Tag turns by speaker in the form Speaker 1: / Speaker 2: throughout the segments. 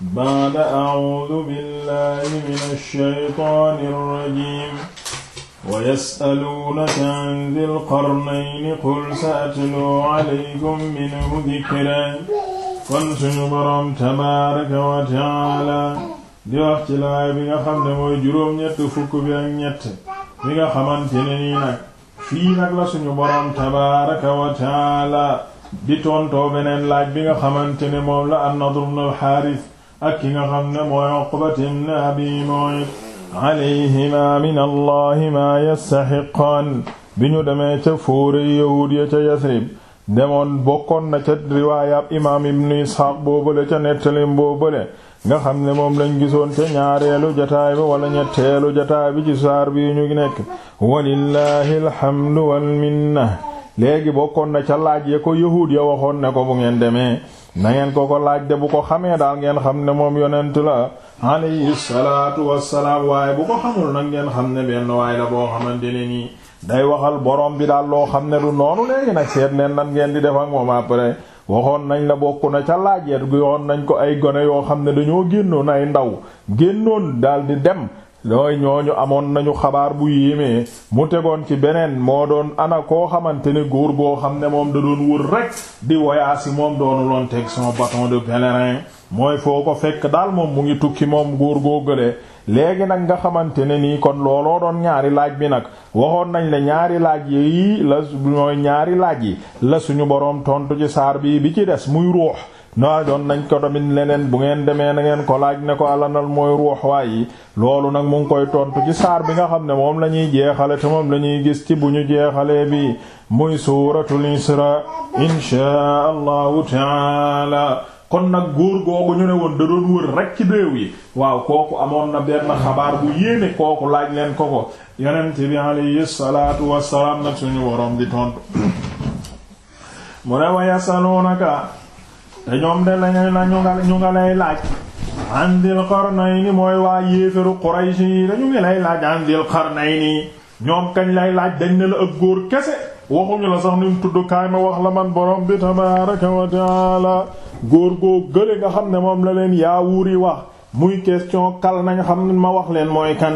Speaker 1: baada acuudu billahi min alshaytaan alrajim wa yas'aluunaka an dil qarnayni qul sa'atluu calaykum minhu dikran kon suñu boroom tabaaraka wa taala di wax ci laay bi nga xam ne mooy juróom-ñett fukk bi ak ñett bi nga xamante ne nii nag fii nag la suñu boroom tabaaraka wa taala di tontoo beneen laaj bi nga xamante ne moom la an-Nadr ibn al-Haaris ak ki nga xam ne mooy Uqbat ibn Abi Mu'ayt alayhima min allahi bi ñu demee ca fóore yahuud ya ca Yasrib demoon bokkoon na ca riwaayab imaam ibn Isxaaq boobale ca nettalim boobale nga xam ne moom lañ gisoon ca ñaareelu jataay bi wala ñetteelu jataay bi ci saar bi ñu nekk walillahi alhamdu wal na léegi bokkoon na ca laaj ya ko yahuud ya waxoon ne ko bu ngeen demee na ngeen ko ko laaj de bu ko xamee daal ngeen xam ne moom yonent la alayhi salaatu wassalaam waaye bu ko xamul nag ngeen xam ne benn waaye la boo xamante ne nii day waxal borom bi daal loo xam ne du noonu léegi nag seet leen nan ngeen di def ak moom après waxoon nañu la bokk na ca laajeet gu yoon nañ ko ay gone yoo xam ne dañoo génnoon ay ndaw génnoon daal di dem nooy ñooñu amoon nañu xabaar bu yéemee mu tegoon ci beneen moo doon ana koo xamante ne góor goo xam ne moom da doon wër rek di voyage moom doonu loon teg son bâton de pèlerin mooy foo ko fekk daal moom mu ngi tukki moom góor goo gëlee léegi nag nga xamante ne nii kon looloo doon ñaari laaj bi nag waxoon nañ la ñaari laaj yi la ñaari laaj yi la suñu boroom tontu ci saar bi bi ci des muy ruux nooy doon nañ ko tamit leneen bu ngeen demee na ngeen ko laaj ne ko alanal mooy ruux waay yi loolu nag mu ngi koy tontu ci saar bi nga xam ne moom la ñuy jeexale te moom la ñuy gis ci bu ñu jeexalee bi muy suuratul isra inshaa allahu taala kon nag góor googu ñu ne woon da doon wër rek ci réew yi waaw kooku amoon na benn xabaar bu yéene kooku laaj leen ko ko yonent bi alayhi salaatu wassalaam nag suñu woroom di tontu mu ne wa yasaluunaka te ñoom de lañu la ñu nga ñu nga lay laaj an Dil Qarnayni mooy waa yéefaru Quraysh dañu ngi lay laaj an Dil Qarnayni ñoom kañ lay laaj dañ ne la ëpp góor kese waxuñu la sax ni mu tudd kaay ma wax la man borom bi tabaaraka wa taala góor goo gële nga xam ne moom la leen yaawuur yi wax muy question kal nañ xam ma wax leen mooy kan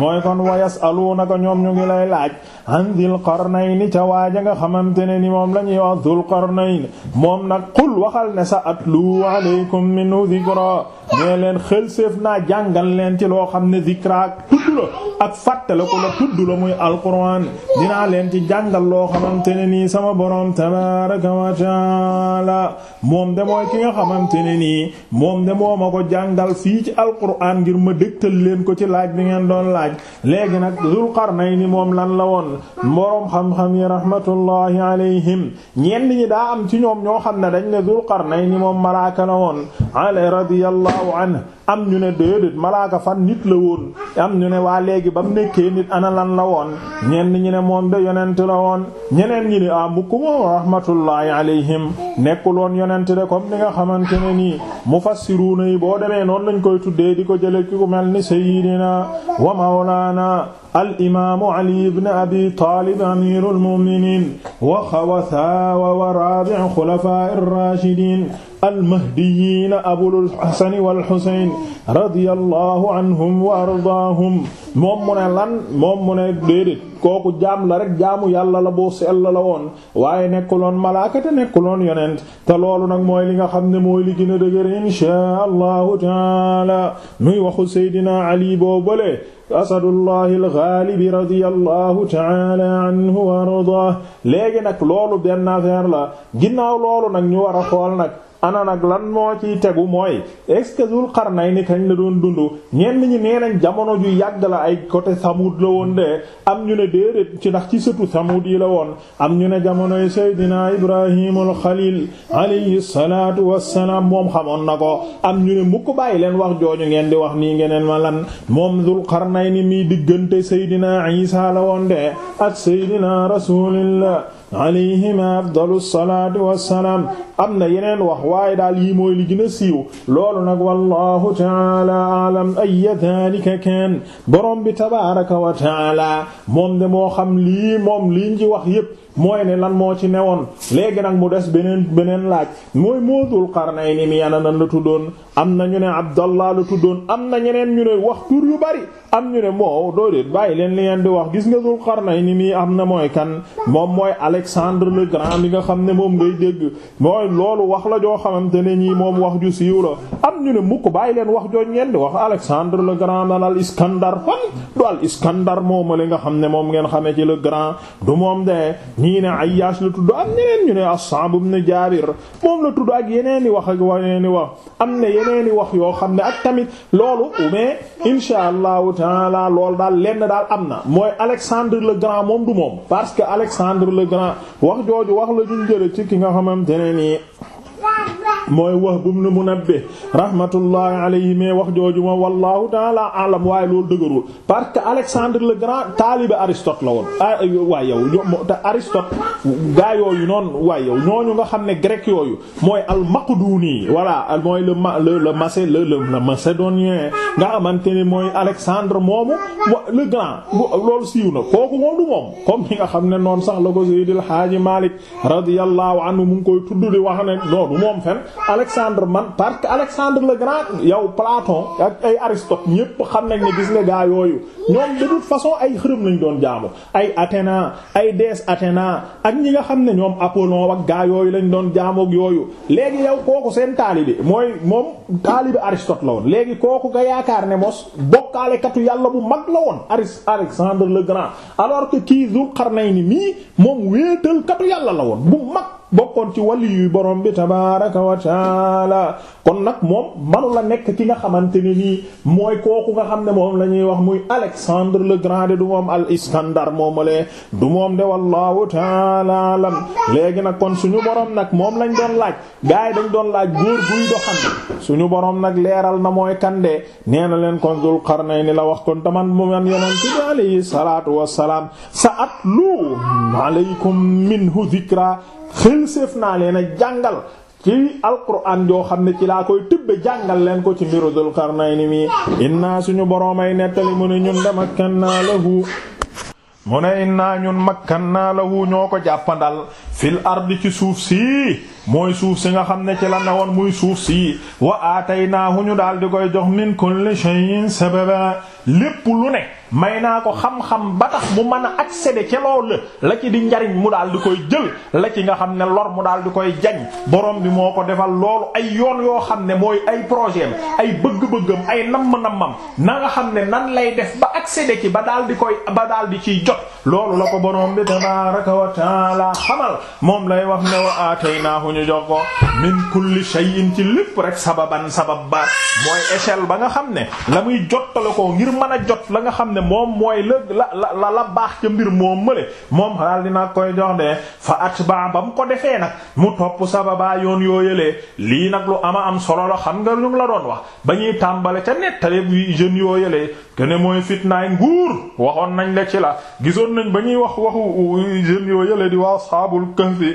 Speaker 1: mooy kon wayas alu naka ñoom ñu ngi lay laaj an dil qarnayni ca waaja nga xamante ne ni moom la ñuy wax dul qarnayni moom nag qul waxal ne sa atlu alaykum minhu dhikra nee leen xelséef naa jàngal leen ci loo xam ne zikra tudd la ak fàttale ko la tudd la muy alquran dinaa leen ci jàngal loo xamante ne nii sama borom tabaraka wa taala moom de ki nga xamante ne nii moom de moo ko jàngal fii ci alquran ngir ma dégtal leen ko ci laaj bi ngeen doon laaj léegi nag Zul Qarnayni moom lan la woon boroom xam-xam yi rahmatullahi alayhim ñenn ñi daa am ci ñoom ñoo xam ne dañ ne Zul Qarnayni moom malaaka la woon ala radiyallahu radiyallahu am ñu ne déedéet malaaka fan nit la woon am ñu waa léegi ba mu nekkee nit ana lan la woon ñenn ñi ne moom de yonent la woon ñeneen ñi ne ah mukk moom rahmatullahi alayhim nekkul woon yonent de comme ni nga xamante ne nii mufassiruuna yi boo demee noonu lañ koy tuddee di ko jële ki ku mel ni sayyidina wa mawlaana al imaamu ali ibn abi taalib amirul mu'miniin wa xawatha wa rabi'u xulafa'ir raashidiin almahdiyiina abul hasani wal husayn radiyallahu anhum wa ardaahum moom mu ne lan moom mu ne déedéet kooku jaam la rek jaamu yàlla la boo sell la woon waaye nekkuloon malaaka te nekkuloon yonent te loolu nag mooy li nga xam ne mooy li gën a dëgër inshaa allahu taala nuy waxu seydina ali boobale asadullahi alxaalibi radiyallahu taala anhu wa ardaah léegi nag loolu benn affaire la ginnaaw loolu nag ñu war a xool nag ana nag lan moo ciy tegu mooy est-ce que Zul Qarnayni kañ la doon dund ñenn ñi nee jamono ju yàgg la ay côté Samud la woon de am ñu ne déedéet ci ndax ci sëtu Samud yi la woon am ñu ne jamonoy Seydina Ibrahimul Xalil alayhi salaatu wassalaam moom xamoon na ko am ñu ne mukk bàyyi leen wax jooju ngeen di wax nii ngeneen ma lan moom Zul ni mi diggante Seydina Isa la woon de ak Seydina Rasulillah alayhima afdalu salaatu wassalaam am na yeneen wax waaye daal yi mooy li gën a siiw loolu nag wallahu taala alam aya dalika kaan borom bi tabaraka wa taala moom de moo xam lii moom liñ ci wax yépp mooy ne lan moo ci ne woon léegi nag mu des beneen beneen laaj mooy mootul Qarnayni mi ana nan la tuddoon am na ñu ne Abdallah la tuddoon am na ñeneen ñu ne wax tur yu bari am ñu ne moo doodéet bàyyi leen li di wax gis nga Dul Qarnayni mi am na mooy kan moom mooy Alexandre le Grand bi nga xam ne moom ngay dégg mooy loolu wax la joo xamante ne ñii moom wax ju siiw la am ñu ne mukk bàyyi leen wax joo ngeen di wax Alexandre le Grand al Iskandar fan du al Iskandar moom la nga xam ne moom ngeen xamee ci le Grand du moom de ñii ne Ayyash la tudd am ñeneen ñu ne As'ab ibn Jaabir moom la tudd ak yeneen i wax ak yeneen i wax am na yeneen i wax yoo xam ne ak tamit loolu mais insha allahu taala loolu daal lenn daal am na mooy Alexandre le Grand moom du moom parce que Alexandre le Grand wax jooju wax la ñu ci ki nga xamante ne nii mooy Wahb ibn Munabbih rahmatullahi alayhi mais wax jooju ma wallahu taala alam waaye loolu dëgërul parce que Alexandre le Grand taalibe Aristote la woon ah, waay yow te Aristote yooyu noonu waay yow ñooñu nga xam ne grec yooyu mooy al Maqduni voilà mooy le le le macé le le macédonien nga xamante ne mooy Alexandre moomu le Grand loolu siiw na kooku moom du moom comme ni nga xam ne noonu sax la ko Seydil Haaji Malik radiyallahu anhu mu ngi koy tudd di wax ne non moom fen Alexandre man parce que Alexandre le Grand yow Platon ak ay Aristote ñépp xam nañ ne gis nga gaa yooyu ñoom de toute façon ay xërëm lañ doon jaamu ay Athéna ay déesse Athéna ak ñi nga xam ne ñoom Apollon ak gaa yooyu lañ doon jaamu yooyu léegi yow kooku seen taalibe mooy moom taalibe Aristote la woon léegi kooku nga yaakaar ne mos bokkaalekatu yàlla bu mag la woon Aris Alexandre le Grand alors que kii Zul Qarnayni mii moom wéetalkatu yàlla la woon bu mag. bokkoon ci wàlli yuy borom bi tabaraka wa taala kon nag moom manu la nekk ki nga xamante ne nii mooy kooku nga xam ne moom la ñuy wax muy Alexandre le Grand du moom al Iskandar moomalee du moom de wallahu taala alam léegi nag kon suñu borom nag moom lañ doon laaj gars yi doon laaj góor buy doxan suñu borom nag leeral na mooy kandee nee na leen kon Dul ni la wax kon taman mu man yonent bi alayhi salaatu wassalaam sa at lu alaykum minhu dhikra xelséef naa leen a jàngal ci alquran yoo xam ne ci laa koy tibbe jàngal leen ko ci mbiru Dul Qarnayni mi inna suñu boroom ay nettali mu ne ñun de makkan naa lahu mu ne innaa ñun makkan naa lahu ñoo ko jàppandal fil ardi ci suuf sii mooy suuf si nga xam ne ci la newoon muy suuf sii wa aataynaahu ñu daal di koy jox min kulli shay'in sababa lépp lu ne may naa ko xam-xam ba tax mu mën a accéder ca loolu la ci di njariñ mu daal di koy jël la ci nga xam ne lor mu daal di koy jañ borom bi moo ko defal loolu ay yoon yoo xam ne mooy ay projet ay bëgg-bëggam ay namm-nammam na nga xam ne nan lay def ba accéder ci ba daal di koy ba daal di ciy jot loolu la ko borom bi tabaaraka wa moom lay wax ne wa aataynaahu ñu jox ko min kulli shay'in ci lépp rek sababan sabab ba mooy échelle ba nga xam ne la muy jottale ko ngir mën a jot la nga xam ne moom mooy la la la la baax ca mbir moom mële moom daal dina koy jox de fa atba ba mu ko defee nag mu topp sababa yoon yoo yëlee lii nag lu am a am solo la xam nga ñu la doon wax ba ñuy tàmbale ca nettale bi jeunes yoo yëlee kene mooy fitnaay nguur waxoon nañ la ci la gisoon nañ ba ñuy wax waxu jeunes yoo yële di waa saabul Kahfi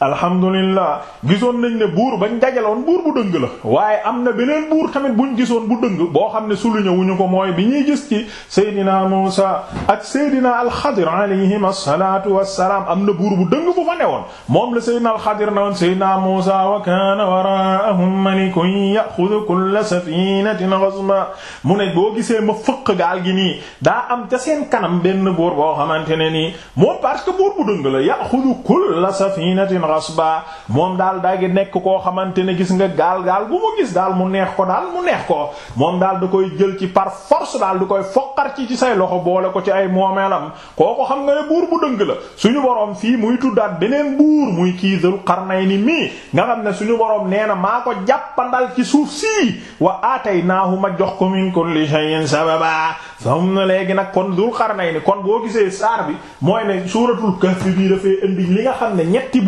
Speaker 1: alhamdulillah gisoon nañ ne buur bañ dajaloon buur bu dëng la waaye am na beneen buur tamit ñu gisoon bu dëng boo xam ne wu ñu ko mooy bi ñuy gis ci Seydina Muusa ak Seydina Alxadir alayhim asalaatu wassalaam am na buur bu dëng bu fa newoon moom la Seydina Alxadir na woon Seydina Muusa wa kaana waraahum malikun yaxudu kulla safinatin ghasba mu ne boo gisee ma fëq gaal gi nii daa am ca seen kanam benn buur boo xamante ne nii moom la yaxudu xasba moom daal daa ngi nekk koo xamante ne gis nga gaal gaal bu mu gis daal mu neex ko daal mu neex ko moom daal da koy jël ci par force daal di koy foqar ci ci say loxo boole ko ci ay moomeelam kooko xam nga ne buur bu dëng la suñu boroom fii muy tuddaat beneen buur muy kii Dul Qarnayni mii nga xam ne suñu borom nee na maa ko jàppandal ci suuf sii wa aataynaahu ma jox ko min kulli shay'in sababa xam na léegi nag kon Dul Qarnayni kon boo gisee saar bi mooy ne suuratul li nga xam ne ñetti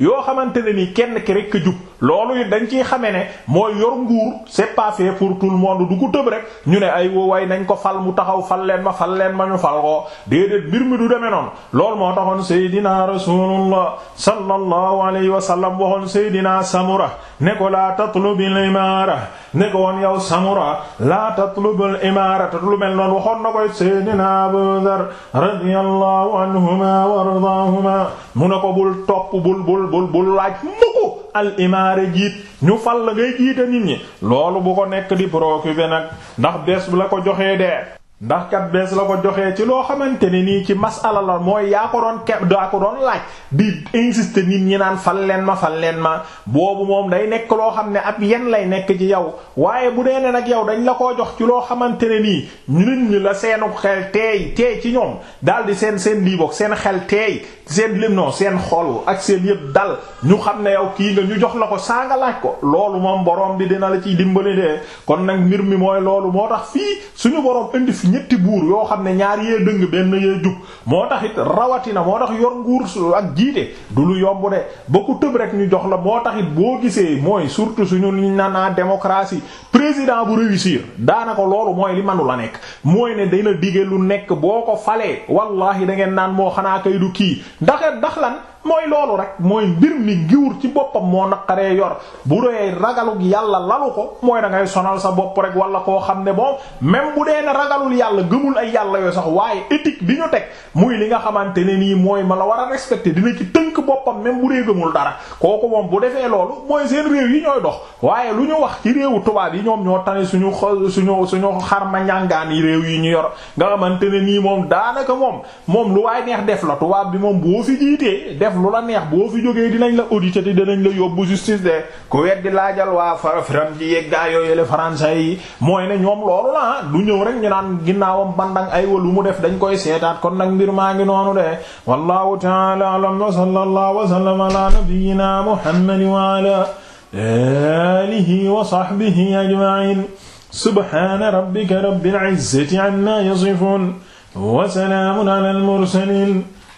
Speaker 1: yoo xamante ne ni kenn ki rek a jub loolu it dañ ciy xamee ne mooy yor nguur c'est pas pour tout moo monde du ko tëb rek ñu ne ay way nañ ko fal mu taxaw fal leen ma fal leen ma ñu fal ko déedéet mbir mi du demee noon loolu moo taxoon Seydina Rasulullah sallallahu alayhi wa sallam waxoon Seydina Samura ne ko laa tatlubil imaara ne ko woon yow Samura laa tatlubul imaara te lu mel noon waxoon na koy Seydina Abu Dhar radiyallahu anhuma wa ardaahuma mu ne ko bul topp bul bul bul bul laaj mukk al jiit ñu fal la ngay jiite nit ñi loolu bu ko nekk di préoccupé nag ndax bés bu la ko joxee dee ndax kat bees la ko joxee ci loo xamante ne nii ci masala la mooy yaa ko doon ke daa ko doon laaj di insister nit ñi naan fal leen ma fal leen ma boobu moom day nekk loo xam ne ab yen lay nekk ci yow waaye bu dee ne nag yow dañ la koo jox ci loo xamante ne nii nit ñi la seenu xel teey teey ci ñoom daal di seen seen liiboog seen xel teey seen lim non seen xol ak seen yëpp dal ñu xam ne yow kii nga ñu jox la ko saa nga laaj ko loolu moom borom bi dina la ciy dimbali de kon nag mbir mi mooy loolu suñu borom gis ñetti buur yoo xam ne ñaar yee dëng benn yee jub moo tax it rawatina moo tax yor nguur ak jiite du lu yomb de ba ku tëb rek ñu jox la moo tax it boo gisee mooy surtout suñu liñ nanaa démocratie président bu réussir daanaka loolu mooy li manu la nekk mooy ne dina dige lu nekk boo ko falee wallahi da ngeen naan moo xanaa kay du kii ndax ndax lan mooy loolu rek mooy mbir mi ngiwur ci boppam moo naqaree yor bu doyee ragalug yàlla lalu ko mooy da ngay sonal sa bopp rek wala koo xam ne bon même bu dee ne ragalul yàlla gëmul ay yàlla yoo sax waaye éthique bi ñu teg muy li nga xamante ne nii mooy ma la war a respecté dina ci tënk boppam même bu dee gëmul dara kooku moom bu defee loolu mooy seen réew yi dox waaye lu ñu wax ci réewu tubaab yi ñoom ñoo tane suñu suñu suñu xarma ñàngaan yi réew yi ñu yor nga xamante ne nii moom daanaka moom moom lu waay neex def la tubaab bi moom boo fi jiitee def lu la neex boo fi jógee dinañ la auditer te dinañ la yóbbu justice de ku weddi laajal waa farafram ji yeeg gaa yooyele français yi mooy ñoom loolu la ah, du ñëw rek ñu naan ginnaawam bandang ay walu mu def dañ koy seetaat kon nag mbir maa ngi noonu de wallahu ta'ala a'lam wa sallallahu wa sallama ala nabiyyina muhammad wa ala alihi wa sahbihi ajma'in subhana rabbika rabbil izzati amma yasifun wa salamun ala al mursalin